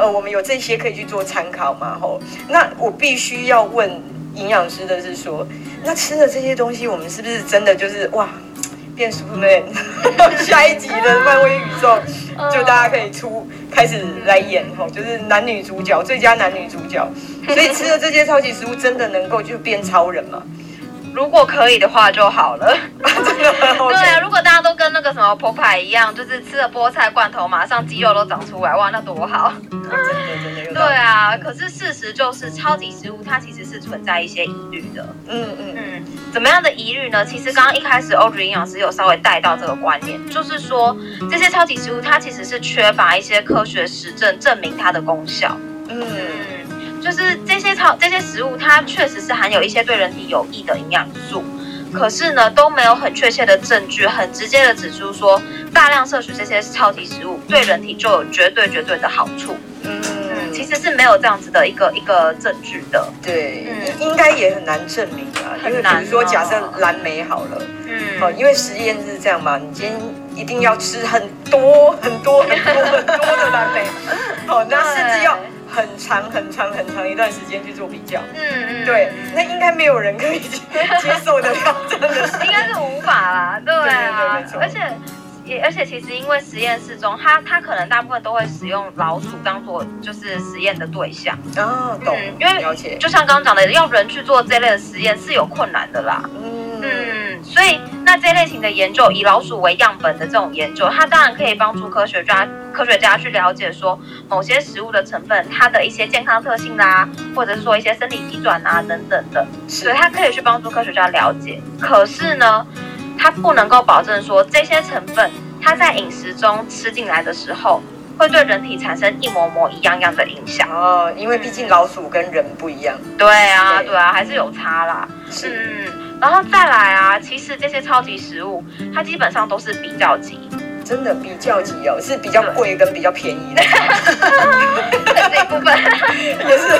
呃，我們有這些可以去做參考嘛？吼、哦，那我必須要問營養師的是說，那吃了這些東西，我們是不是真的就是哇，變 Superman？下一集的漫威宇宙就大家可以出開始來演，吼、哦，就是男女主角，最佳男女主角。所以吃了這些超級食物，真的能夠就變超人嗎？如果可以的話就好了。 OK、 對啊，如果大家都跟那個什麼 Popeye 一樣，就是吃了菠菜罐頭，馬上肌肉都長出來，哇，那多好！真的真的有。對啊，可是事實就是，超級食物它其實是存在一些疑慮的。嗯嗯嗯。嗯嗯怎麼樣的疑慮呢？其實剛剛一開始，歐茹營養師有稍微帶到這個觀念，嗯、就是說這些超級食物它其實是缺乏一些科學實證證明它的功效。嗯，就是。這些食物它確實是含有一些對人體有益的營養素，可是呢，都沒有很確切的證據，很直接的指出說大量攝取這些超級食物對人體就有絕對絕對的好處。嗯，其實是沒有這樣子的一個一個證據的。對，嗯、應該也很難證明啊，因為、哦、比如說假設藍莓好了，嗯、哦，因為實驗是這樣嘛，你今天一定要吃很多很多很多很多的藍莓，好 對、哦，那是機要。很長很長很長一段時間去做比較，嗯嗯，對，那應該沒有人可以接受得了，真的是， 應該是無法啦。對啊，對啊、對而且，而且其實因為實驗室中，他他可能大部分都會使用老鼠當做就是實驗的對象。啊、哦，懂、嗯，因為就像剛剛講的，要人去做這類的實驗是有困難的啦。嗯。嗯所以，那這類型的研究以老鼠為樣本的這種研究，它當然可以幫助科學家科學家去了解說某些食物的成分，它的一些健康特性啦，或者說一些生理機轉啊等等的，所以它可以去幫助科學家了解。可是呢，它不能夠保證說這些成分它在飲食中吃進來的時候，會對人體產生一模模一樣樣的影響哦，因為畢竟老鼠跟人不一樣。對啊，對，對啊，還是有差啦。是。嗯然後再來啊，其實這些超級食物，它基本上都是比較級，真的比較級哦，是比較貴跟比較便宜的。這一部分也是，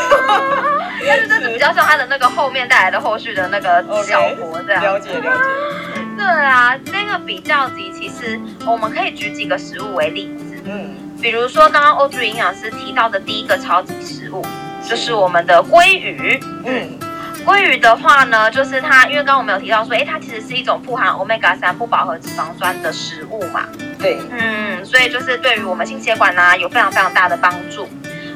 但是比較像它的那個後面帶來的後續的那個效果這樣。了解了解。對啊，這個比較級其實我們可以舉幾個食物為例子，嗯，比如說剛剛歐珠營養師提到的第一個超級食物，就是我們的鮭魚，嗯。鮭魚的話呢，就是它，因為剛剛我們有提到說，哎、欸，它其實是一種富含歐米伽三不飽和脂肪酸的食物嘛。對。嗯，所以就是對於我們心血管吶、啊，有非常非常大的幫助。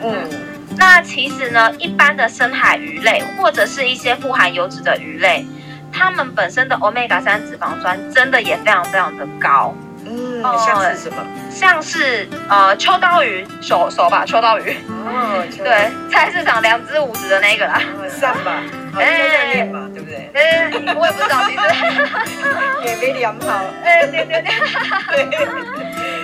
嗯，嗯，那其實呢，一般的深海魚類或者是一些富含油脂的魚類，它們本身的歐米伽三脂肪酸真的也非常非常的高。嗯，像是什麼？像是呃秋刀魚，手手把秋刀魚。哦，對，菜市場兩隻五十的那個啦。上吧，好，就在練嘛，對不對？嗯，我也不知道，其實也沒量好。哎，對對對，對。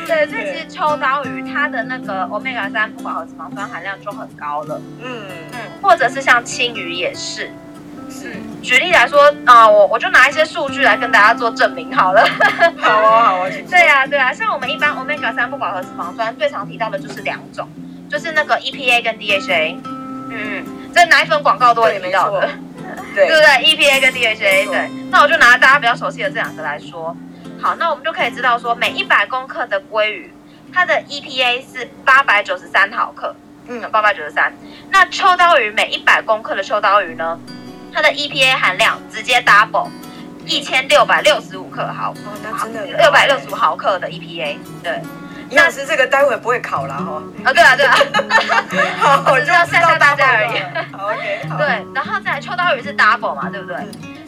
對，這隻秋刀魚，它的那個歐米伽三不飽和脂肪酸含量就很高了。嗯嗯，或者是像鯖魚也是。是。舉例來說啊，我我就拿一些數據來跟大家做證明好了。好啊。啊，對啊，像我們一般 Omega 三不飽和脂肪酸最常提到的就是兩種，就是那個 EPA 跟 DHA。嗯嗯，這奶粉廣告都會提到的，對對不 對，對？EPA 跟 DHA，錯對。那我就拿大家比較熟悉的這兩個來說，好，那我們就可以知道說，每一百公克的鮭魚，它的 EPA 是八百九十三毫克，嗯，八百九十三。那秋刀魚每一百公克的秋刀魚呢，它的 EPA 含量直接 double。一千六百六十五克毫，六百六十五毫克的 EPA，對，但是這個待會不會考了哈？啊，對啊，對啊，好，我知道，嚇嚇大家而已。OK，對，然後再秋刀魚是 double 嘛，對不對？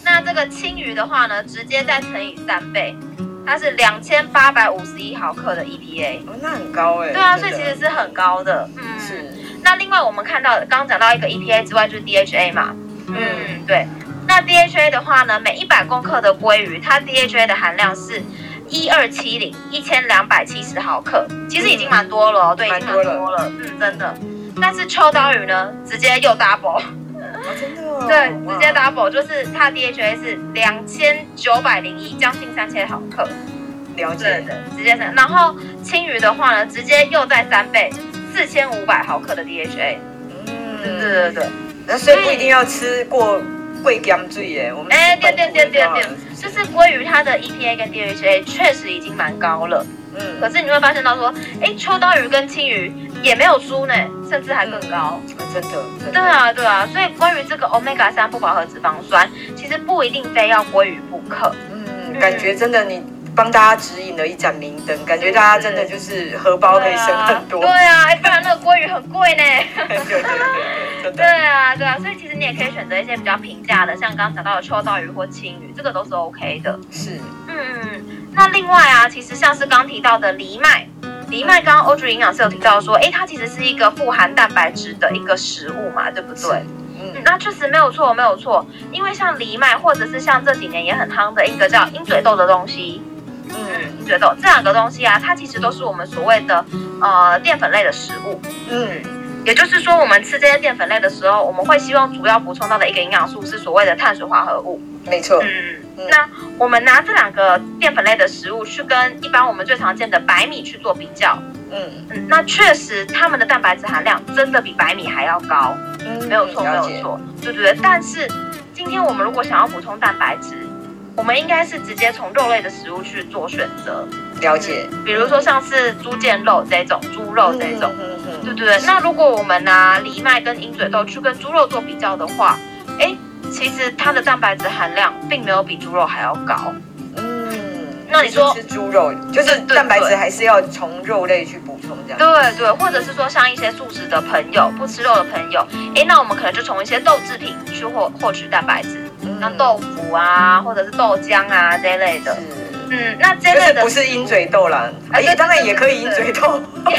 那這個青魚的話呢，直接再乘以三倍，它是兩千八百五十一毫克的 EPA，哦，那很高哎。對啊，所以其實是很高的，嗯。是。那另外我們看到，剛講到一個 EPA 之外，就是 DHA 嘛，嗯，對。那 DHA 的話呢？每一百公克的鮭魚，它 DHA 的含量是一二七零一千兩百七十毫克，其實已經蠻多了哦。嗯、對，已經蠻多了。嗯，嗯，真的。但是秋刀魚呢？直接又 double、啊。真的。對，直接 double，就是它 DHA 是兩千九百零一，將近三千毫克。了解的。直接三，然後鯖魚的話呢？直接又再三倍，四千五百毫克的 DHA。嗯，對對的對。那所以不一定要吃過。貴甘嘴耶，我們哎，對對對對對，就是鮭魚它的 EPA 跟 DHA 確實已經蠻高了。嗯，可是你會發現到說，哎，秋刀魚跟青魚也沒有輸呢，甚至還更高。嗯、真的，真的。對啊，對啊，所以關於這個 Omega 三不飽和脂肪酸，其實不一定非要鮭魚不可。嗯，感覺真的你。嗯幫大家指引了一盞明燈，感覺大家真的就是荷包可以省很多是是。對啊，哎、啊，不然那個鮭魚很貴呢。 對對，對，對，對啊，對啊，所以其實你也可以選擇一些比較平價的，像剛剛講到的秋刀魚或鯖魚，這個都是 OK 的。是。嗯嗯，那另外啊，其實像是剛提到的藜麥，藜麥剛剛歐主營養師有提到說，哎，它其實是一個富含蛋白質的一個食物嘛，對不對？嗯，嗯，那確實沒有錯，沒有錯，因為像藜麥，或者是像這幾年也很夯的一個叫鷹嘴豆的東西。嗯，你覺得這兩個東西啊，它其實都是我們所謂的呃澱粉類的食物。嗯，也就是說，我們吃這些澱粉類的時候，我們會希望主要補充到的一個營養素是所謂的碳水化合物。沒錯。嗯，嗯嗯，那我們拿這兩個澱粉類的食物去跟一般我們最常見的白米去做比較。嗯嗯，那確實它們的蛋白質含量真的比白米還要高。嗯，沒有錯，了解。沒有錯，對不對？但是今天我們如果想要補充蛋白質，我們應該是直接從肉類的食物去做選擇，了解、嗯。比如說像是豬腱肉這種、豬肉這種，嗯、對不對？是那如果我們拿、啊、藜麥跟鷹嘴豆去跟豬肉做比較的話，哎，其實它的蛋白質含量並沒有比豬肉還要高。嗯，那你說吃豬肉就是蛋白質，還是要從肉類去補充這樣？對，對對，或者是說像一些素食的朋友、不吃肉的朋友，哎，那我們可能就從一些豆制品去獲獲取蛋白質。像豆腐啊，或者是豆漿啊這一類的，是嗯，那這類的是不是鷹嘴豆啦，哎唉，欸、當然也可以鷹嘴豆，豆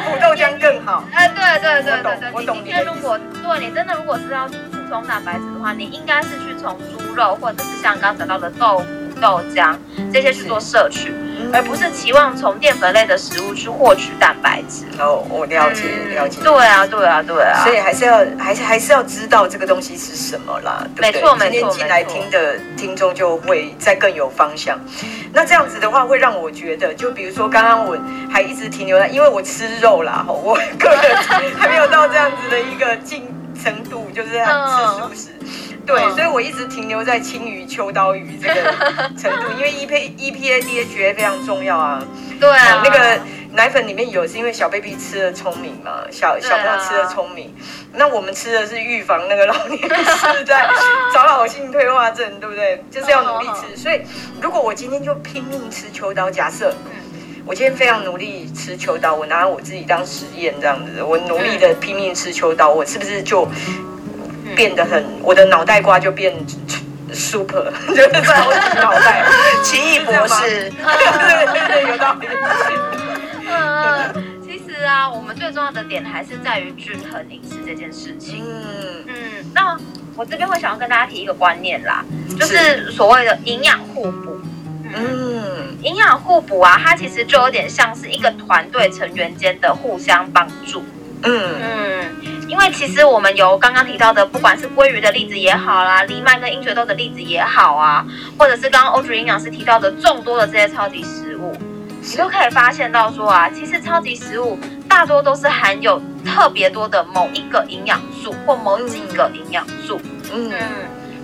腐豆漿更好。哎、欸，對對對對，我懂你、你，你因為如果對你真的如果是要補充蛋白質的話，你應該是去從豬肉或者是像剛剛講到的豆腐、豆漿這些去做攝取。而不是期望從澱粉類的食物去獲取蛋白質。哦，我了解了解，嗯。對啊，對啊，對啊。所以還是要還是還是要知道這個東西是什麼啦，沒錯，對不對？沒錯，今天進來聽的沒錯，聽眾就會再更有方向。那這樣子的話，會讓我覺得，就比如說剛剛我還一直停留在，因為我吃肉啦，我個人還沒有到這樣子的一個進程度，就是要吃素食。嗯對，嗯、所以我一直停留在青魚、秋刀魚這個程度， 因為 E P E P A D H A 非常重要啊。對啊、啊、那個奶粉裡面有，是因為小 baby 吃的聰明嘛，小、啊、小朋友吃的聰明。那我們吃的是預防那個老年痴呆、 早老性退化症，對不對？就是要努力吃。哦、好好所以，如果我今天就拼命吃秋刀，假設、嗯、我今天非常努力吃秋刀，我拿我自己當實驗這樣子，我努力的拼命吃秋刀，我是不是就？嗯變得很，嗯、我的腦袋瓜就變 super，就是超級腦袋的 奇異博士。對對，有道理。嗯，其實啊，我們最重要的點還是在於均衡飲食這件事情。嗯嗯，那我這邊會想要跟大家提一個觀念啦，就是所謂的營養互補。嗯，營養是互補啊，它其實就有點像是一個團隊成員間的互相幫助。嗯嗯。嗯因為其實我們有剛剛提到的，不管是鮭魚的例子也好啦，啊，藜麥跟鷹嘴豆的例子也好啊，或者是剛剛歐菊營養師提到的眾多的這些超級食物，是你都可以發現到說啊，其實超級食物大多都是含有特別多的某一個營養素或某幾個營養素。嗯。嗯，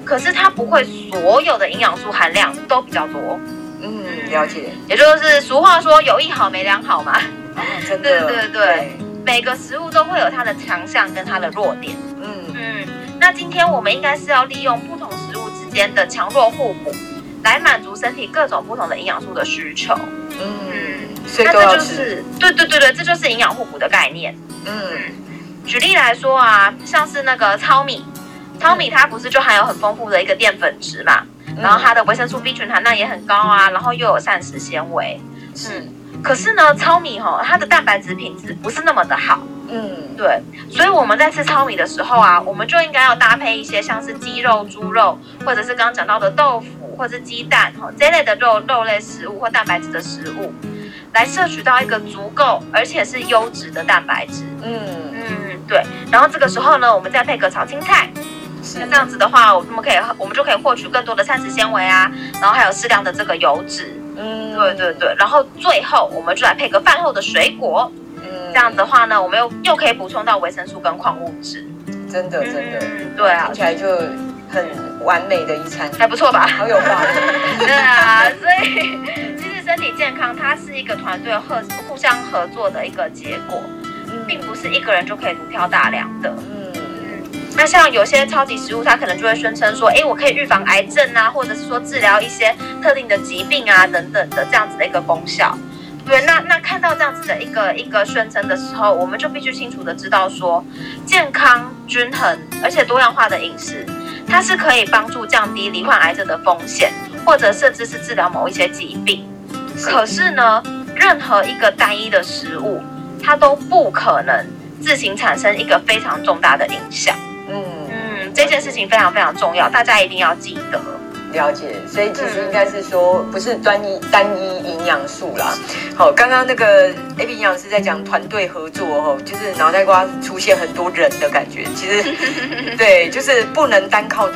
可是它不會所有的營養素含量都比較多。嗯，了解，嗯。也就是俗話說有一好沒兩好嘛。啊，真的。對，對對對。對每個食物都會有它的強項跟它的弱點。嗯嗯，那今天我們應該是要利用不同食物之間的強弱互補，來滿足身體各種不同的營養素的需求。嗯，嗯那這就是對對對對，這就是營養互補，補的概念。嗯，舉例來說啊，像是那個糙米，糙米它不是就含有很豐富的一個澱粉質嘛，嗯、然後它的維生素 B 群含量也很高啊，然後又有膳食纖維。嗯、是。可是呢，糙米哈、哦，它的蛋白質品質不是那麼的好。嗯，對。所以我們在吃糙米的時候啊，我們就應該要搭配一些像是雞肉、豬肉，或者是剛剛講到的豆腐，或者是雞蛋哈、哦、這類的肉肉類食物或蛋白質的食物，來攝取到一個足夠而且是優質的蛋白質。嗯嗯，對。然後這個時候呢，我們再配個炒青菜。是的。那這樣子的話，我們可以，我們就可以獲取更多的膳食纖維啊，然後還有適量的這個油脂。嗯，對對對，然後最後我們就來配個飯後的水果，嗯，這樣子的話呢，我們又又可以補充到維生素跟礦物質，真的真的，真的嗯、對啊，起來就很完美的一餐，是還不錯吧？好有畫面， 對啊， 所以其實身體健康它是一個團隊合互相合作的一個結果，嗯、並不是一個人就可以獨挑大樑的。嗯那像有些超級食物，它可能就會宣稱說，誒，我可以預防癌症啊，或者是說治療一些特定的疾病啊，等等的這樣子的一個功效。對，那那看到這樣子的一個一個宣稱的時候，我們就必須清楚的知道說，健康均衡而且多樣化的飲食，它是可以幫助降低罹患癌症的風險，或者甚至是治療某一些疾病。可是呢，任何一個單一的食物，它都不可能自行產生一個非常重大的影響。這件事情非常非常重要，大家一定要記得。了解，所以其實應該是說，嗯、不是單一單一營養素啦。好，剛剛那個 A B 營養師在講團隊合作哦，就是腦袋瓜出現很多人的感覺。其實，對，就是不能單靠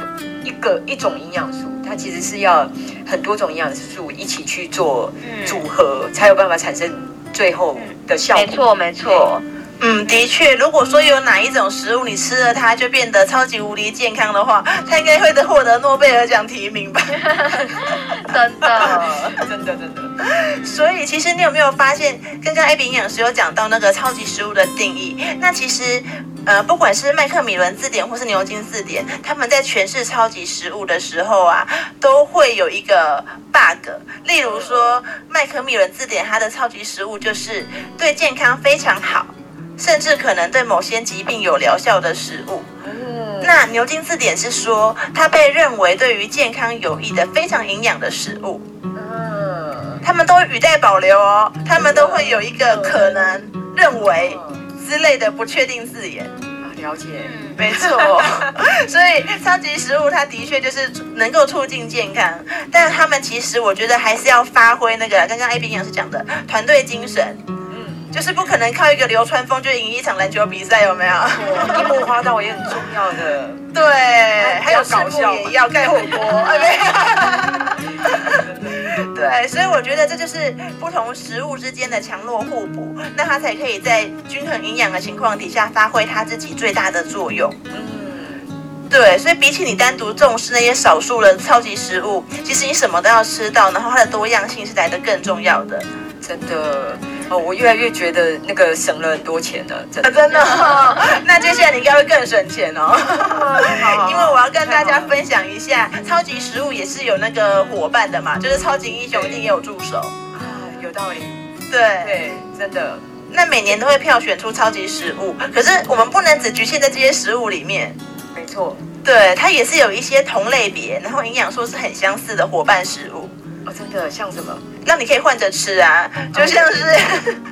一個一種營養素，它其實是要很多種營養素一起去做組合，嗯、才有辦法產生最後的效果。沒錯，沒錯。嗯嗯，的確，如果說有哪一種食物你吃了它就變得超級無敵健康的話，它應該會獲得諾貝爾獎提名吧？真的，真的，真的。所以其實你有沒有發現，剛剛艾比營養師有講到那個超級食物的定義？那其實，呃，不管是麥克米倫字典或是牛津字典，他們在詮釋超級食物的時候啊，都會有一個 bug。例如說，麥克米倫字典它的超級食物就是對健康非常好。甚至可能對某些疾病有療效的食物。嗯、那牛津字典是說，它被認為對於健康有益的非常營養的食物。嗯，他們都語帶保留哦，嗯、他們都會有一個可能認為之類的不確定字眼、嗯、了解，沒錯、哦。 所以超級食物它的確就是能夠促進健康，但他們其實我覺得還是要發揮那個剛剛 A B 營養師講的團隊精神。就是不可能靠一個流川楓就贏一場籃球比賽，有沒有？櫻木花道也很重要的，對，還，還有搞笑也要蓋火鍋，對。對，所以我覺得這就是不同食物之間的強弱互補，那它才可以在均衡營養的情況底下發揮它自己最大的作用。嗯，對，所以比起你單獨重視那些少數人超級食物，其實你什麼都要吃到，然後它的多樣性是來得更重要的，真的。哦，我越來越覺得那個省了很多錢了，真的。啊，真的。那接下來你應該會更省錢哦， 因為我要跟大家分享一下，超級食物也是有那個夥伴的嘛，就是超級英雄一定也有助手啊，有道理。對對，真的。那每年都會票選出超級食物，可是我們不能只局限在這些食物裡面。沒錯，對，它也是有一些同類別，然後營養素是很相似的夥伴食物。我、哦、真的像什麼？那你可以換着吃啊，就像是、嗯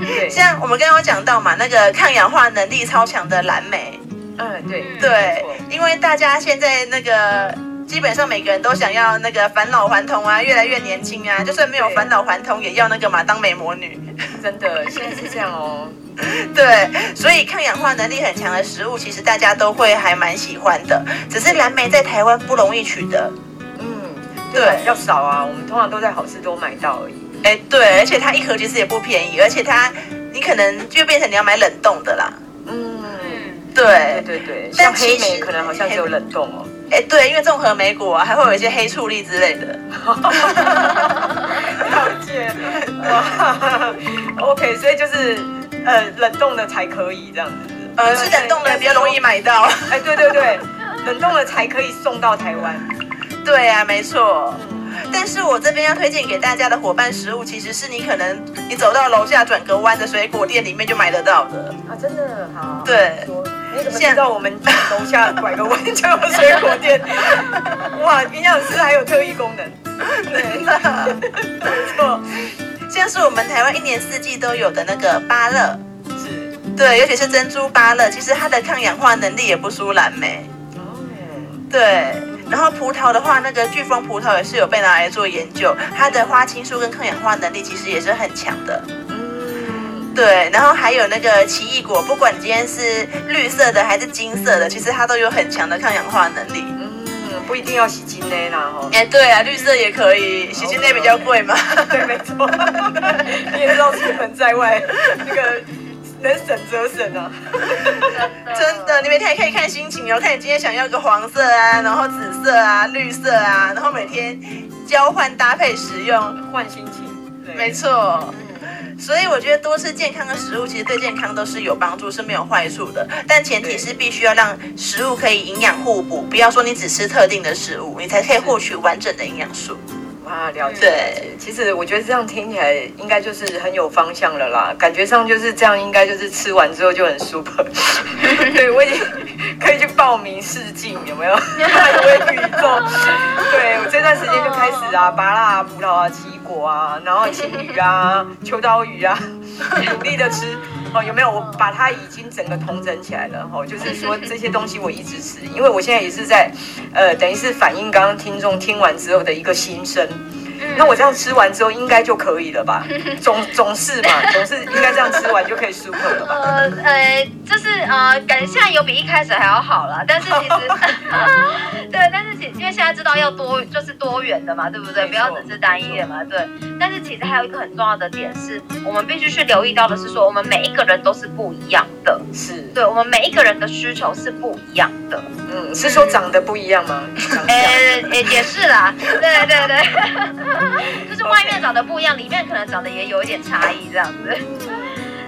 嗯、像我們剛剛有講到嘛，那個抗氧化能力超強的藍莓。嗯，對對，錯因為大家現在那個基本上每個人都想要那個返老還童啊，越來越年輕啊，對就算沒有返老還童，也要那個嘛，當美魔女。真的，現在是這樣哦。對，所以抗氧化能力很強的食物，其實大家都會還蠻喜歡的，只是藍莓在台灣不容易取得。對，要少啊！我們通常都在好事多買到而已。哎，對，而且它一盒其實也不便宜，而且它，你可能就變成你要買冷凍的啦。嗯，對對對。像黑莓可能好像只有冷凍哦。哎，對，因為綜合莓果還會有一些黑醋栗之類的。了解，哇。OK，所以就是呃，冷凍的才可以這樣子。呃，是冷凍的比較容易買到。哎，對對對，冷凍的才可以送到台灣。對啊，沒錯。嗯是，但是我這邊要推薦給大家的夥伴食物，其實是你可能你走到樓下轉個彎的水果店裡面就買得到的。啊，真的好。對，你怎麼知道我們樓下拐個彎就像 水果店。哇，營養師還有特異功能。 對的，沒錯。現在是我們台灣一年四季都有的那個芭樂。是。對，尤其是珍珠芭樂，其實它的抗氧化能力也不輸藍莓。哦，Okay. 對。然後葡萄的話，那個巨峰葡萄也是有被拿來做研究，它的花青素跟抗氧化能力其實也是很強的。嗯，對。然後還有那個奇異果，不管今天是綠色的還是金色的，其實它都有很強的抗氧化能力。嗯，不一定要洗金內然後。哎，欸，對啊，綠色也可以，洗金內比較貴嘛。Okay, okay. 對，沒錯。你也知道出門在外， 那個。能省則省啊！It, it, 真的，你每天可以看心情哦，看你今天想要個黃色啊，然後紫色啊，綠色啊，然後每天交換搭配食用，換心情。對，沒錯。嗯，所以我覺得多吃健康的食物，其實對健康都是有幫助，是沒有壞處的。但前提是必須要讓食物可以營養互補，不要說你只吃特定的食物，你才可以獲取完整的營養素。啊，了解，對，嗯、其實我覺得這樣聽起來應該就是很有方向了啦，感覺上就是這樣，應該就是吃完之後就很舒服。 對，我已經可以去報名試鏡，有沒有？ 一對，我這段時間就開始啊，芭樂啊，葡萄啊，奇果啊，然後青魚啊， 秋刀魚啊，努力的吃。 哦，有沒有我把它已經整個統整起來了？吼、哦，就是說這些東西我一直吃，因為我現在也是在，呃，等於是反映剛剛聽眾聽完之後的一個心聲。嗯、那我這樣吃完之後應該就可以了吧？ 總總是嘛，總是應該這樣吃完就可以 super 了吧？呃呃、欸，就是啊，感覺、呃、現在有比一開始還要好了，但是其實、 嗯、對，但是其實因為現在知道要多就是多元的嘛，對不對？錯不要只是單一的嘛，錯對。但是其實還有一個很重要的點是，我們必須去留意到的是說，我們每一個人都是不一樣的，是對，我們每一個人的需求是不一樣的。嗯，是說長得不一樣嗎？誒誒，也是啦，對對對， 就是外面長得不一樣，Okay. 裡面可能長得也有一點差異，這樣子。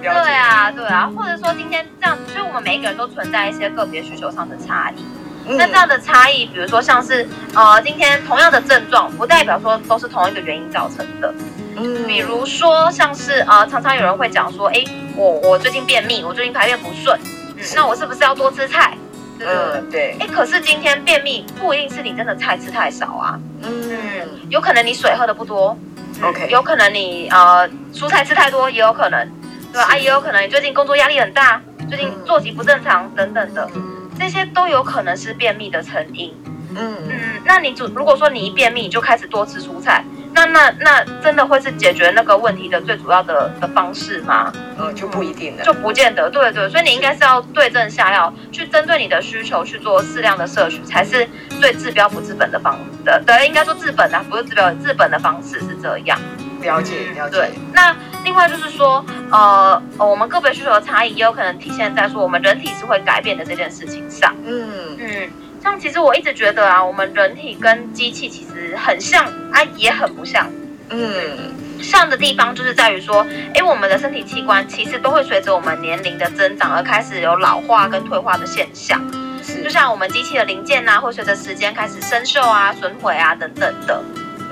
解對啊，對啊，或者說今天這樣，就是我們每一個人都存在一些個別需求上的差異。嗯、那這樣的差異，比如說像是呃，今天同樣的症狀，不代表說都是同一個原因造成的。嗯，比如說像是呃，常常有人會講說，哎、欸，我我最近便秘，我最近排便不順，嗯、那我是不是要多吃菜？嗯，對。哎、欸，可是今天便秘不一定是你真的菜吃太少啊，嗯，嗯，有可能你水喝的不多，OK，有可能你呃蔬菜吃太多也有可能，是對吧？啊，也有可能你最近工作壓力很大，嗯、最近作息不正常等等的，嗯、這些都有可能是便秘的成因。嗯嗯，那你主如果說你一便秘你就開始多吃蔬菜，那那那真的會是解決那個問題的最主要的的方式嗎？呃、嗯，就不一定了，就不見得。對對，所以你應該是要對症下藥，去針對你的需求去做適量的攝取，才是最治標不治本的方的。對，應該說治本啊，不是治標治。治本的方式是這樣。了解，了解。對，那另外就是說，呃，我們個別需求的差異也有可能體現在說我們人體是會改變的這件事情上。嗯嗯。嗯但其實我一直覺得啊，我們人體跟機器其實很像啊，也很不像。嗯，嗯，像的地方就是在於說，哎、欸，我們的身體器官其實都會隨着我們年齡的增長而開始有老化跟退化的現象。是，就像我們機器的零件呢，啊，會隨着時間開始生鏽啊，損毀啊等等的。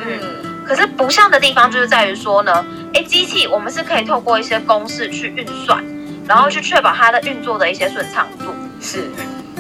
嗯，嗯可是不像的地方就是在於說呢，哎，機器我們是可以透過一些公式去運算，然後去確保它的運作的一些順暢度。是。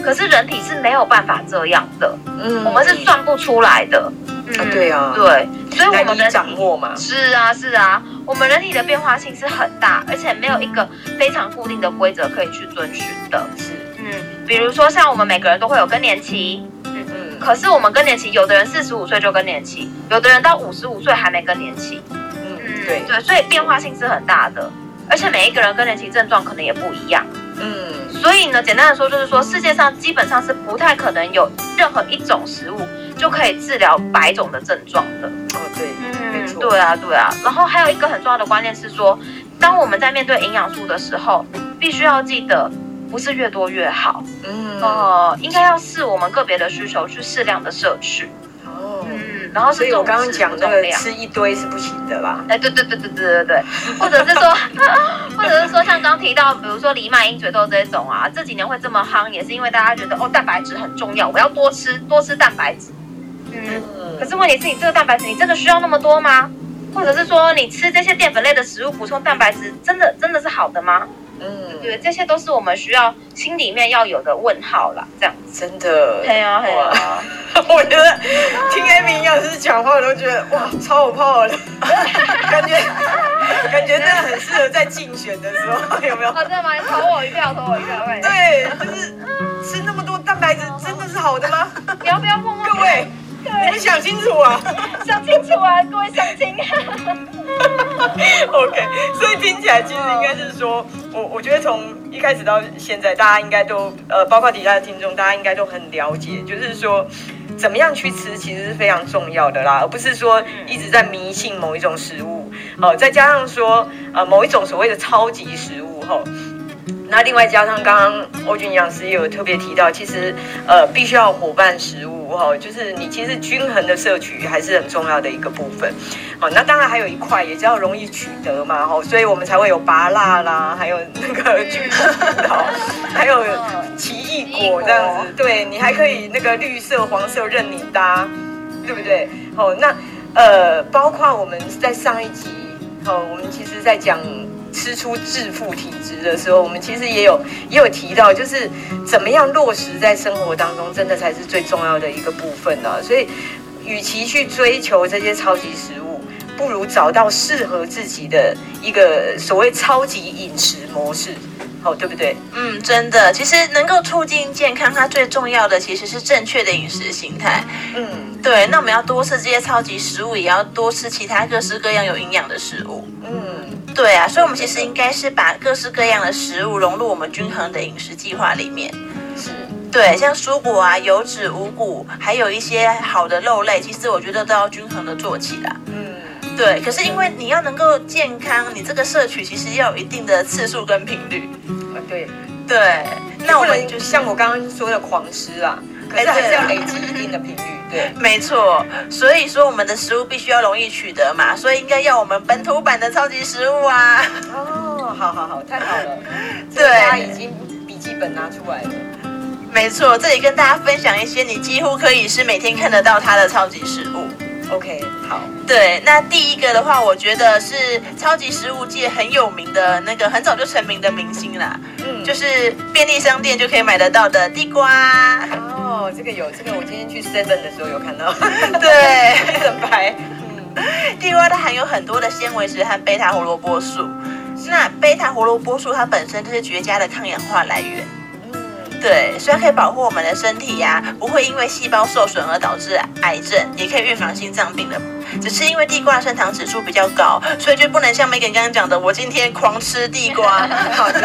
可是人體是沒有辦法這樣的，嗯，我們是算不出來的，嗯、啊，對啊，對，所以我們難以掌握嘛，是啊是啊，我們人體的變化性是很大，而且沒有一個非常固定的規則可以去遵循的，嗯、是，嗯，比如說像我們每個人都會有更年期，嗯嗯，嗯可是我們更年期，有的人四十五歲就更年期，有的人到五十五歲還沒更年期，嗯，嗯對對，所以變化性是很大的，而且每一個人更年期症狀可能也不一樣。嗯，所以呢，簡單的說就是說，世界上基本上是不太可能有任何一種食物就可以治療百種的症狀的。哦，對，嗯，沒錯，對啊，對啊。然後還有一個很重要的觀念是說，當我們在面對營養素的時候，必須要記得不是越多越好。嗯，哦、呃，應該要視我們個別的需求去適量的攝取。然後，所以我剛剛講的吃一堆是不行的啦。哎，對對對對對對對，或者是說， 或者是說，像剛提到，比如說藜麥、鷹嘴豆這種啊，這幾年會這麼夯，也是因為大家覺得哦，蛋白質很重要，我要多吃多吃蛋白質。嗯。嗯，可是問題是你這個蛋白質，你真的需要那麼多嗎？或者是說，你吃這些澱粉類的食物補充蛋白質，真的真的是好的嗎？嗯，對，這些都是我們需要心裡面要有的問號啦。這樣真的，很啊，我覺得聽 Amy 老師講話都覺得哇，超好泡 o 感覺感覺真的很適合在競選的時候，有沒有？真的嗎？你投我一票，投我一票。對，就是吃那麼多蛋白質真的是好的嗎？你要不要問問各位？你們想清楚啊，想清楚啊，各位想清。OK。起來其實應該是說，我我覺得從一開始到現在，大家應該都呃，包括底下的聽眾，大家應該都很了解，就是說怎麼樣去吃其實是非常重要的啦，而不是說一直在迷信某一種食物，哦、呃，再加上說呃，某一種所謂的超級食物，吼。那另外加上，剛剛歐營養師也有特別提到，其實呃，必須要伙伴食物哈、哦，就是你其實均衡的攝取還是很重要的一個部分。哦，那當然還有一塊也較容易取得嘛哈、哦，所以我們才會有芭樂啦，還有那個菊桃，還有奇異果這樣子。對你還可以那個綠色黃色任你搭，對不對？好，那呃，包括我們在上一集哦，我們其實，在講。吃出致富體質的時候，我們其實也有也有提到，就是怎麼樣落實在生活當中，真的才是最重要的一個部分呢、啊。所以，與其去追求這些超級食物，不如找到適合自己的一個所謂超級飲食模式，好、哦，對不對？嗯，真的，其實能夠促進健康，它最重要的其實是正確的飲食形態。嗯，對。那我們要多吃這些超級食物，也要多吃其他各式各樣有營養的食物。嗯。對啊，所以我們其實應該是把各式各樣的食物融入我們均衡的飲食計劃裡面。是對，像蔬果啊、油脂、五穀，還有一些好的肉類，其實我覺得都要均衡的做起來。嗯，對。可是因為你要能夠健康，你這個攝取其實要有一定的次數跟頻率。嗯、對。對。那我們就是、像我剛剛說的，狂吃啊，可是還是要累積一定的頻率。哎 對沒錯，所以說我們的食物必須要容易取得嘛，所以應該要我們本土版的超級食物啊！哦，好好好，太好了，對，他已經筆記本拿出來了，嗯。沒錯，這裡跟大家分享一些你幾乎可以是每天看得到它的超級食物。OK，好，對，那第一個的話，我覺得是超級食物界很有名的那個很早就成名的明星啦，嗯，就是便利商店就可以買得到的地瓜。哦，這個有，這個我今天去 Seven 的時候有看到。 對，很白。嗯，地瓜它含有很多的纖維質和貝塔胡蘿蔔素，那貝塔胡蘿蔔素它本身就是絕佳的抗氧化來源。對，雖然可以保護我們的身體呀、啊，不會因為細胞受損而導致癌症，也可以預防心臟病的。只是因為地瓜升糖指數比較高，所以就不能像 Megan 剛剛講的，我今天狂吃地瓜。好， 對，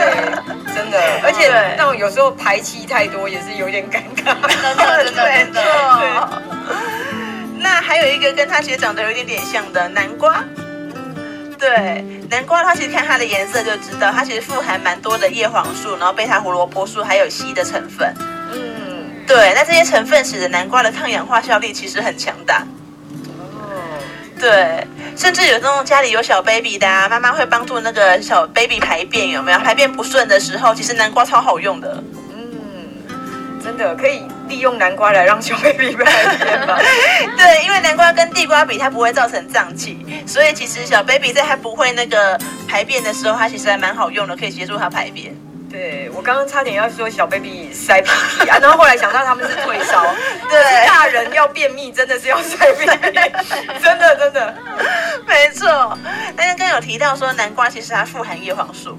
真的。而且那、嗯、我有時候排氣太多，也是有點尷尬。真的， 沒錯 那還有一個跟他其實長得有點點像的南瓜。對，南瓜它其實看它的顏色就知道，它其實富含蠻多的葉黃素，然後貝塔胡蘿蔔素還有硒的成分。嗯，對，那這些成分使得南瓜的抗氧化效力其實很強大。哦。對，甚至有那種家裡有小 baby 的啊，媽媽會幫助那個小 baby 排便，有沒有？排便不順的時候，其實南瓜超好用的。嗯，真的可以。利用南瓜來讓小 baby 排便嗎？ 對，因為南瓜跟地瓜比，它不會造成脹氣，所以其實小 baby 在還不會那個排便的時候，它其實還蠻好用的，可以協助它排便。對，我剛剛差點要說小 baby 塞屁屁啊，然後後來想到他們是退燒， 對，大人要便秘真的是要塞屁屁，真的真的，沒錯。但是剛有提到說南瓜其實它富含葉黃素。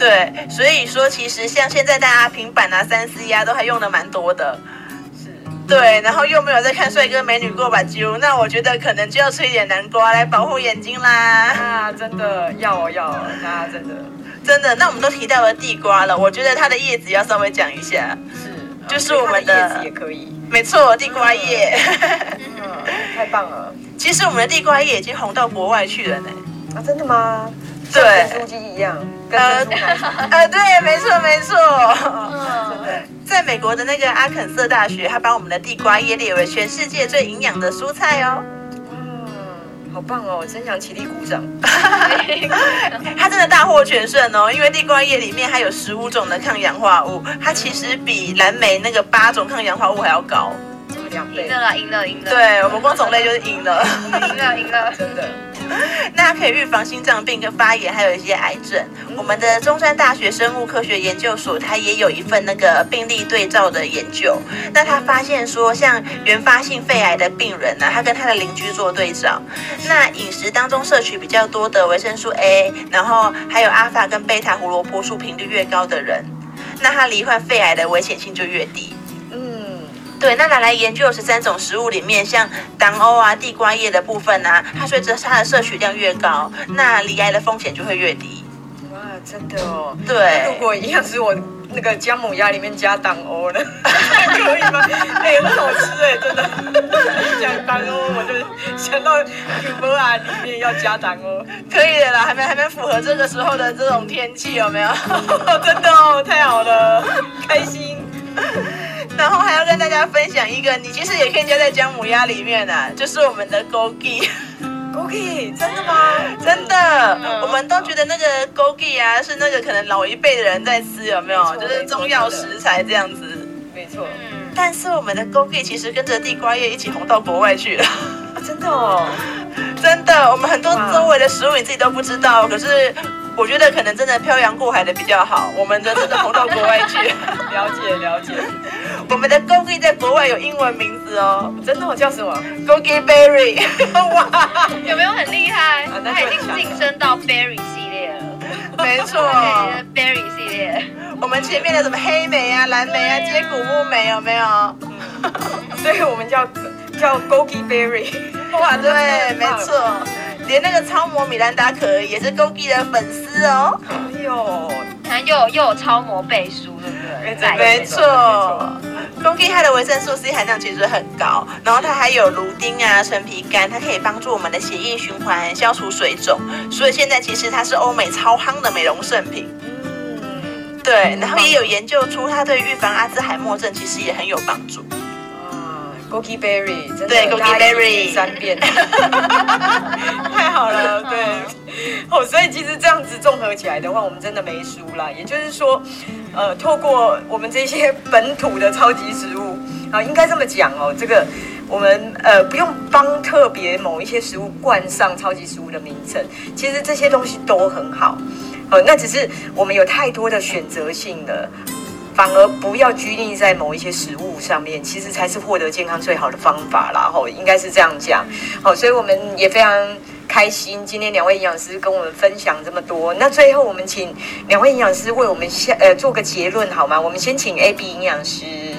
對，所以說其實像現在大家平板啊、3C 啊都還用得蠻多的，是，對，然後又沒有在看帥哥美女過版劇，那我覺得可能就要吃一點南瓜來保護眼睛啦。啊，真的要啊、哦、要、哦、那啊，真的真的。那我們都提到了地瓜了，我覺得它的葉子要稍微講一下，是，啊、就是我們的，的葉子也可以，沒錯，地瓜葉。太棒了，其實我們的地瓜葉已經紅到國外去了呢。啊，真的嗎？跟一樣，呃、跟，跟豬雞一樣、 呃、對，沒錯，沒錯。 在美國的那個阿肯色大學，他把我們的地瓜葉列為全世界最營養的蔬菜哦。哇，好棒哦！我真想起立鼓掌。它 真的大獲全勝哦，因為地瓜葉裡面還有十五種的抗氧化物，它其實比藍莓那個八種抗氧化物還要高。兩倍了，了，贏了，贏了，對我們光種類就是贏了，贏了，贏了， 真的。 那可以預防心臟病跟發炎，還有一些癌症。我們的中山大學生物科學研究所，他也有一份那個病例對照的研究。那他發現說，像原發性肺癌的病人呢、啊，他跟他的鄰居做對照，那飲食當中攝取比較多的維生素 A，然後還有阿 l 跟貝塔胡蘿蔔素頻率越高的人，那他罹患肺癌的危險性就越低。對，那拿來，來研究十三種食物裡面，像當歸啊、地瓜葉的部分啊，它隨着它的攝取量越高，那罹癌的風險就會越低。哇，真的哦。對。如果一樣是我那個薑母鴨裡面加當歸呢？ 可以嗎？ 欸、那也好吃哎、欸，真的。一講當歸，我就想到檸檬啊裡面要加當歸，可以的啦，還沒還沒符合這個時候的這種天氣有沒有？ 真的哦，太好了，開心。然後還要跟大家分享一個，你其實也可以加在薑母鴨裡面啊，就是我們的枸杞。枸杞，真的嗎？真的，真的我們都覺得那個枸杞啊，是那個可能老一輩的人在吃，有沒有？沒錯，就是中藥食材這樣子。沒錯。但是我們的枸杞其實跟着地瓜葉一起紅到國外去了。啊、真的哦。真的，我們很多周圍的食物你自己都不知道，哇可是我覺得可能真的漂洋過海的比較好，我們的真的紅到國外去了了。了解了解。我們的 Gogi 在國外有英文名字哦。真的我？哦，叫什麼？Gogi Berry，哇，有沒有很厲害？啊，他已經晉升到 Berry 系列了，沒錯，Berry 系列。我們前面的什麼黑莓啊、藍莓啊、接骨木莓有沒有？嗯，所以我們叫叫 Gogi Berry， 哇，對，沒錯，嗯，連那個超模米蘭達可兒也是 Gogi 的粉絲哦，哎呦。然後又有又有超模背書，對不對？沒，沒錯，冬瓜它的維生素 C 含量其實很高，然後它還有蘆丁啊、橙皮苷，它可以幫助我們的血液循環、消除水腫，所以現在其實它是歐美超夯的美容聖品。嗯，對，然後也有研究出它對預防阿茲海默症其實也很有幫助。Goji Berry，真的，Goji Berry 對三遍 berry， 太好了， 對、哦，所以其實這樣子綜合起來的話，我們真的沒輸啦。也就是說，呃，透過我們這些本土的超級食物，啊、呃，應該這麼講哦，這個我們呃不用幫特別某一些食物冠上超級食物的名稱，其實這些東西都很好，好、呃、那只是我們有太多的選擇性的反而不要拘泥在某一些食物上面，其實才是獲得健康最好的方法啦吼，應該是這樣講。好，所以我們也非常開心，今天兩位營養師跟我們分享這麼多。那最後我們請兩位營養師為我們下呃做個結論好嗎？我們先請 A B 營養師。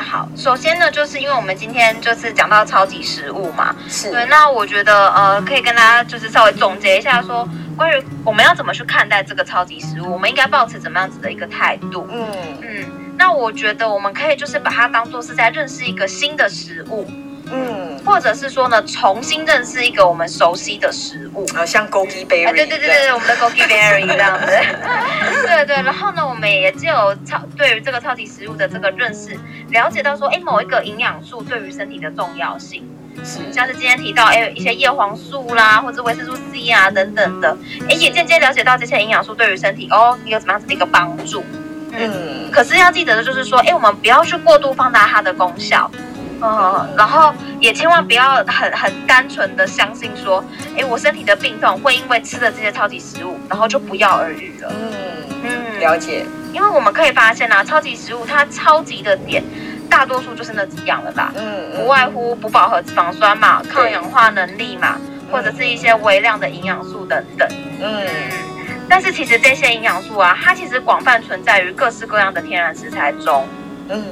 好，首先呢，就是因為我們今天就是講到超級食物嘛，是對。那我覺得呃，可以跟大家就是稍微總結一下說，說關於我們要怎麼去看待這個超級食物，我們應該保持怎麼樣子的一個態度？嗯嗯。那我覺得我們可以就是把它當做是在認識一個新的食物。嗯，或者是說呢，重新認識一個我們熟悉的食物，啊，像枸杞 berry，e 對對對對，對我們的枸杞 berry 這樣子， 對對。然後呢，我們也就超對於這個超級食物的這個認識，了解到說，哎，某一個營養素對於身體的重要性，是像是今天提到，哎，一些葉黃素啦，嗯、或者維生素 C 啊等等的，哎、嗯，也間接了解到這些營養素對於身體哦，你有怎麼樣子的一個幫助。嗯，嗯，可是要記得的就是說，哎，我們不要去過度放大它的功效。嗯、哦，然後也千萬不要很很單純的相信說，哎，我身體的病痛會因為吃了這些超級食物，然後就不藥而愈了。嗯嗯，嗯，了解。因為我們可以發現啊，超級食物它超級的點，大多數就是那幾樣了吧。嗯。嗯，不外乎不飽和脂肪酸嘛，對抗氧化能力嘛，或者是一些微量的營養素等等。嗯，嗯，但是其實這些營養素啊，它其實廣泛存在於各式各樣的天然食材中。嗯，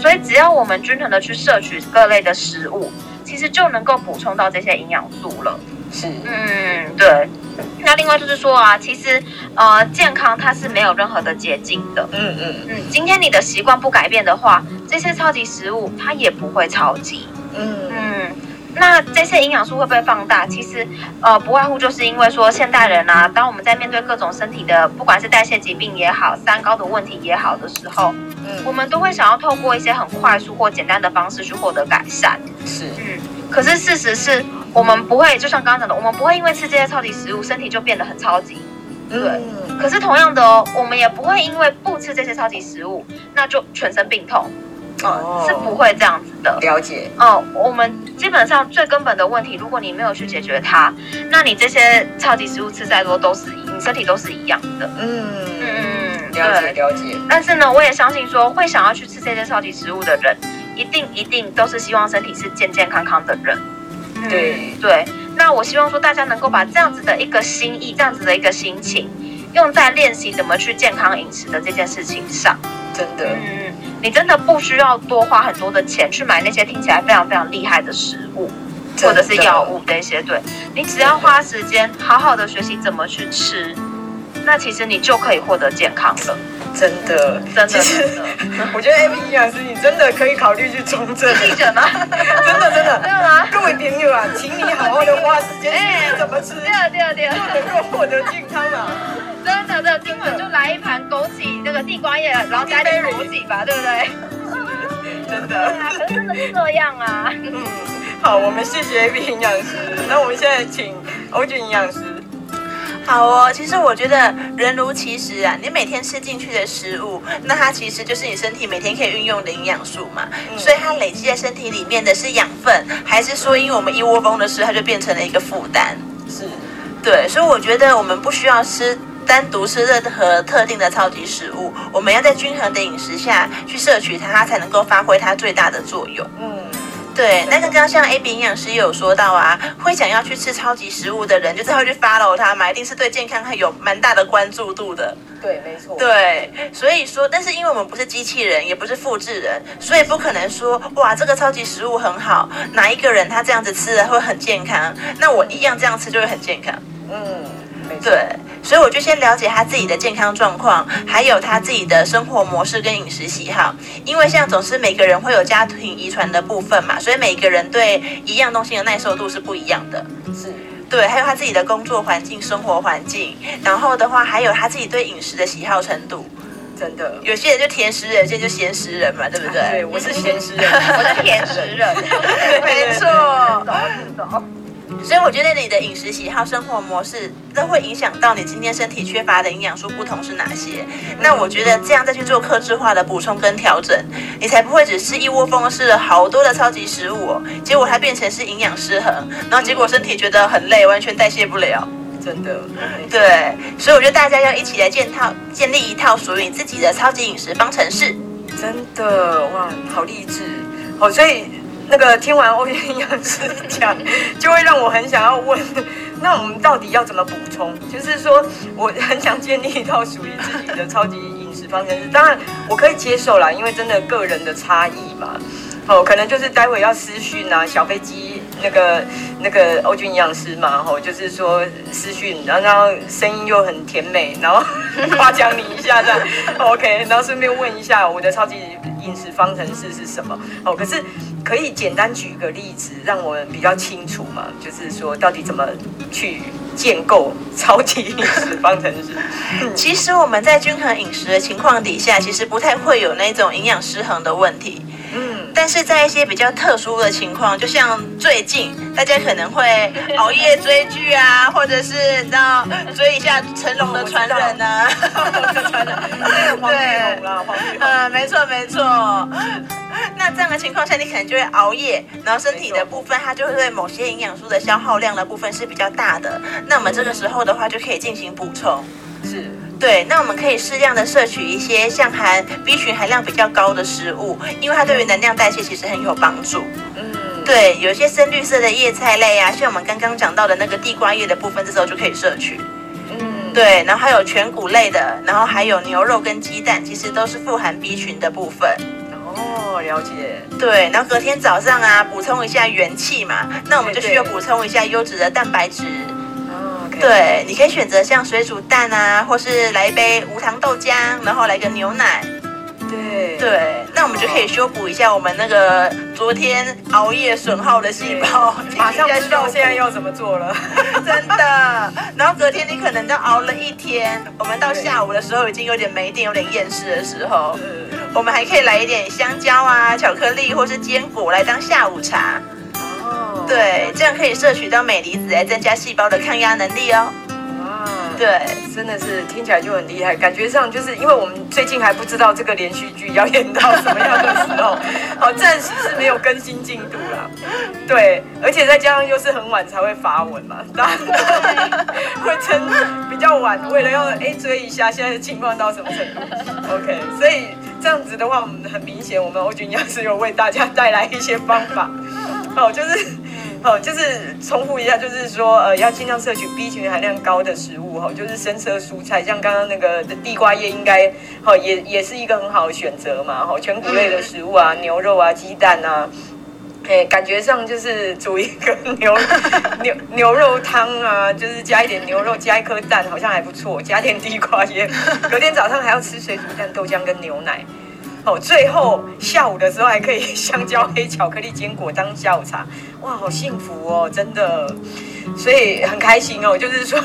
所以只要我們均衡的去攝取各類的食物，其實就能夠補充到這些營養素了。是，嗯，對。那另外就是說啊，其實，呃，健康它是沒有任何的捷徑的。嗯嗯嗯，嗯嗯，今天你的習慣不改變的話，這些超級食物它也不會超級。嗯。嗯那這些營養素會不會放大？其實，呃，不外乎就是因為說，現代人啊，當我們在面對各種身體的，不管是代謝疾病也好，三高的問題也好的時候，嗯，我們都會想要透過一些很快速或簡單的方式去獲得改善。是，嗯。可是事實是，我們不會，就像剛剛講的，我們不會因為吃這些超級食物，身體就變得很超級。對。嗯。可是同樣的哦，我們也不會因為不吃這些超級食物，那就全身病痛。哦，是不會這樣子的，了解。哦，我們基本上最根本的問題，如果你沒有去解決它，那你這些超級食物吃再多都是，你身體都是一樣的。嗯嗯，了解對了解。但是呢，我也相信說，會想要去吃這些超級食物的人，一定一定都是希望身體是健健康康的人。嗯、對對。那我希望說，大家能夠把這樣子的一個心意，這樣子的一個心情，用在練習怎麼去健康飲食的這件事情上。真的。嗯嗯。你真的不需要多花很多的錢去買那些聽起來非常非常厲害的食物，的或者是藥物這些，對，你只要花時間好好的學習怎麼去吃，那其實你就可以獲得健康了。真的、嗯，真的，真的實。嗯、我覺得 Ami 啊，是你真的可以考慮去重這記準嗎？ 真的，真的。真的 嗎？各位朋友啊，請你好好的花時間學習怎麼吃， 對，對，對 啊，對啊，對啊，就能夠獲得健康了。真的，真的，今晚就來一盤枸杞，地瓜葉，然後加點枸杞吧，對不對？真的。對啊，可是真的是這樣啊。嗯，好，我們謝謝營養師。那我們現在請歐俊營養師。好哦，其實我覺得人如其食啊，你每天吃進去的食物，那它其實就是你身體每天可以運用的營養素嘛。嗯、所以它累積在身體裡面的是養分，還是說因為我們一窩蜂的吃，它就變成了一個負擔？是。對，所以我覺得我們不需要吃，單獨吃任何特定的超級食物，我們要在均衡的飲食下去攝取它，它才能夠發揮它最大的作用。嗯，對。對，那剛剛像 A B 營養師也有說到啊，會想要去吃超級食物的人，就最會去 follow 它嘛，一定是對健康有蠻大的關注度的。對，沒錯。對，所以說，但是因為我們不是機器人，也不是複制人，所以不可能說哇，這個超級食物很好，哪一個人他這樣子吃啊，會很健康，那我一樣這樣吃就會很健康。嗯。嗯對，所以我就先了解他自己的健康狀況，還有他自己的生活模式跟飲食喜好。因為像總是每個人會有家庭遺傳的部分嘛，所以每個人對一樣東西的耐受度是不一樣的。是，對，還有他自己的工作環境、生活環境，然後的話，還有他自己對飲食的喜好程度。真的，有些人就甜食人，有些人就鹹食人嘛，對不對？對，我是鹹食人， 我是甜食人， 沒錯，所以我覺得你的飲食喜好、生活模式都會影響到你今天身體缺乏的營養素不同是哪些。那我覺得這樣再去做客製化的補充跟調整，你才不會只吃一窩蜂吃了好多的超級食物，結果它變成是營養失衡，然後結果身體覺得很累，完全代謝不了。真的。Okay. 對，所以我覺得大家要一起來建套建立一套屬於你自己的超級飲食方程式。真的哇，好勵志，好、哦、所以。那個聽完歐陽醫師講，就會讓我很想要問，那我們到底要怎麼補充？就是說，我很想建立一套屬於自己的超級飲食方程式。當然，我可以接受啦，因為真的個人的差異嘛。哦，可能就是待會要私訊啊，小飛機。那個那個歐軍營養師嘛，吼、哦，就是說私訊，然後然後聲音又很甜美，然後誇獎你一下，這樣 OK，然後順便問一下，我的超級飲食方程式是什麼？哦，可是可以簡單舉一個例子，讓我們比較清楚嘛，就是說到底怎麼去建構超級飲食方程式？ 其實我們在均衡飲食的情況底下，其實不太會有那種營養失衡的問題。嗯，但是在一些比較特殊的情況，就像最近大家可能會熬夜追劇啊，或者是你知道追一下成龍的傳人呢？哈哈哈，成龍的傳人，黃飛鴻啦，對黃飛鴻。嗯，沒錯沒錯。是那這樣的情況下，你可能就會熬夜，然後身體的部分它就會對某些營養素的消耗量的部分是比較大的。那我們這個時候的話，就可以進行補充。是。對，那我們可以適量的攝取一些像含 B 群含量比較高的食物，因為它對於能量代謝其實很有幫助。嗯，對，有一些深綠色的葉菜類啊，像我們剛剛講到的那個地瓜葉的部分，這時候就可以攝取。嗯，對，然後還有全谷類的，然後還有牛肉跟雞蛋，其實都是富含 B 群的部分。哦，了解。對，然後隔天早上啊，補充一下元氣嘛，那我們就需要補充一下優質的蛋白質。Okay. 對，你可以選擇像水煮蛋啊，或是來一杯無糖豆漿，然後來個牛奶。對對，那我們就可以修補一下我們那個昨天熬夜損耗的細胞。對馬上知道現在要怎麼做了， 真的。 然後隔天你可能都熬了一天，我們到下午的時候已經有點沒電、有點厭世的時候，對我們還可以來一點香蕉啊、巧克力或是堅果來當下午茶。對，這樣可以攝取到鎂離子來增加細胞的抗壓能力哦。哇對，真的是聽起來就很厲害，感覺上就是因為我們最近還不知道這個連續劇要演到什麼樣的時候， 好，暫時是沒有更新進度了。對，而且再加上又是很晚才會發文嘛，當然 會撐比較晚，為了要誒追一下現在的情況到什麼程度。 OK，所以。這樣子的話，我們很明顯，我們歐君要是有為大家帶來一些方法，哦，就是，哦，就是重複一下，就是說，呃，要盡量攝取 B 群含量高的食物，哦，就是深色蔬菜，像剛剛那個地瓜葉，應該，哈、哦，也也是一個很好的選擇嘛，哈、哦，全谷類的食物啊，牛肉啊，雞蛋啊。哎、欸，感覺上就是煮一個牛牛牛肉湯啊，就是加一點牛肉，加一顆蛋，好像還不錯。加點地瓜葉，隔天早上還要吃水煮蛋、豆漿跟牛奶。哦，最後下午的時候還可以香蕉、黑巧克力、堅果當下午茶。哇，好幸福哦，真的。所以很開心哦，就是說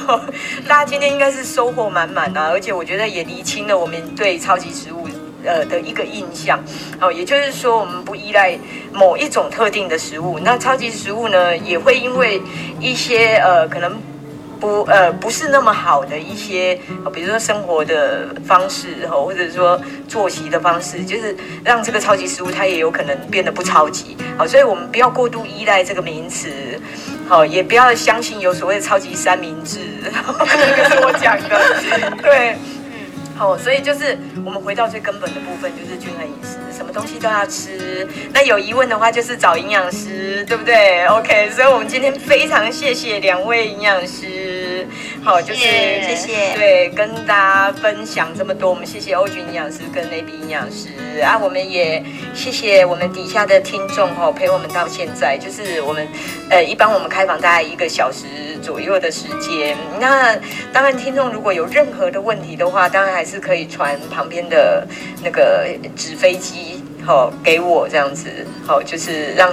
大家今天應該是收穫滿滿啊，而且我覺得也釐清了我們對超級食物。呃的一個印象，好、哦，也就是說我們不依賴某一種特定的食物，那超級食物呢也會因為一些呃可能不呃不是那麼好的一些，哦、比如說生活的方式吼、哦，或者說作息的方式，就是讓這個超級食物它也有可能變得不超級，好、哦，所以我們不要過度依賴這個名詞，好、哦，也不要相信有所謂的超級三明治，這 是我講的， 對。好、哦，所以就是我們回到最根本的部分，就是均衡飲食，什麼東西都要吃。那有疑問的話，就是找營養師，對不對？OK，所、so、以我們今天非常謝謝兩位營養師。謝謝好，就是謝謝，對，跟大家分享這麼多，我們謝謝歐俊營養師跟 AB 營養師啊，我們也謝謝我們底下的聽眾哦，陪我們到現在，就是我們呃，一般我們開房大概一個小時左右的時間。那當然，聽眾如果有任何的問題的話，當然還。是可以傳旁邊的那個紙飛機，好、哦、給我這樣子，好、哦、就是讓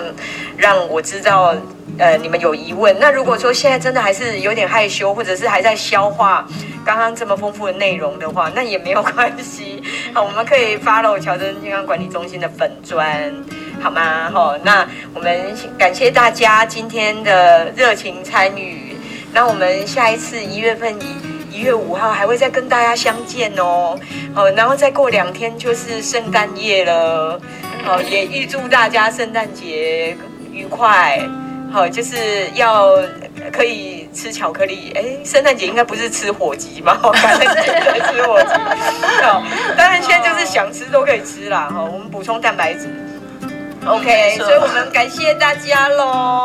讓我知道，呃，你們有疑問。那如果說現在真的還是有點害羞，或者是還在消化剛剛這麼豐富的內容的話，那也沒有關係。好，我們可以 follow 喬真健康管理中心的粉專，好嗎？好、哦，那我們感謝大家今天的熱情參與。那我們下一次一月份。一月五號還會再跟大家相見哦，哦，然後再過兩天就是聖誕夜了，好、哦，也預祝大家聖誕節愉快，好、哦，就是要可以吃巧克力，哎，聖誕節應該不是吃火雞吧？我剛剛才吃火雞，我、哦，當然現在就是想吃都可以吃啦，哈、哦，我們補充蛋白質，OK，, okay. 所以我們感謝大家嘍。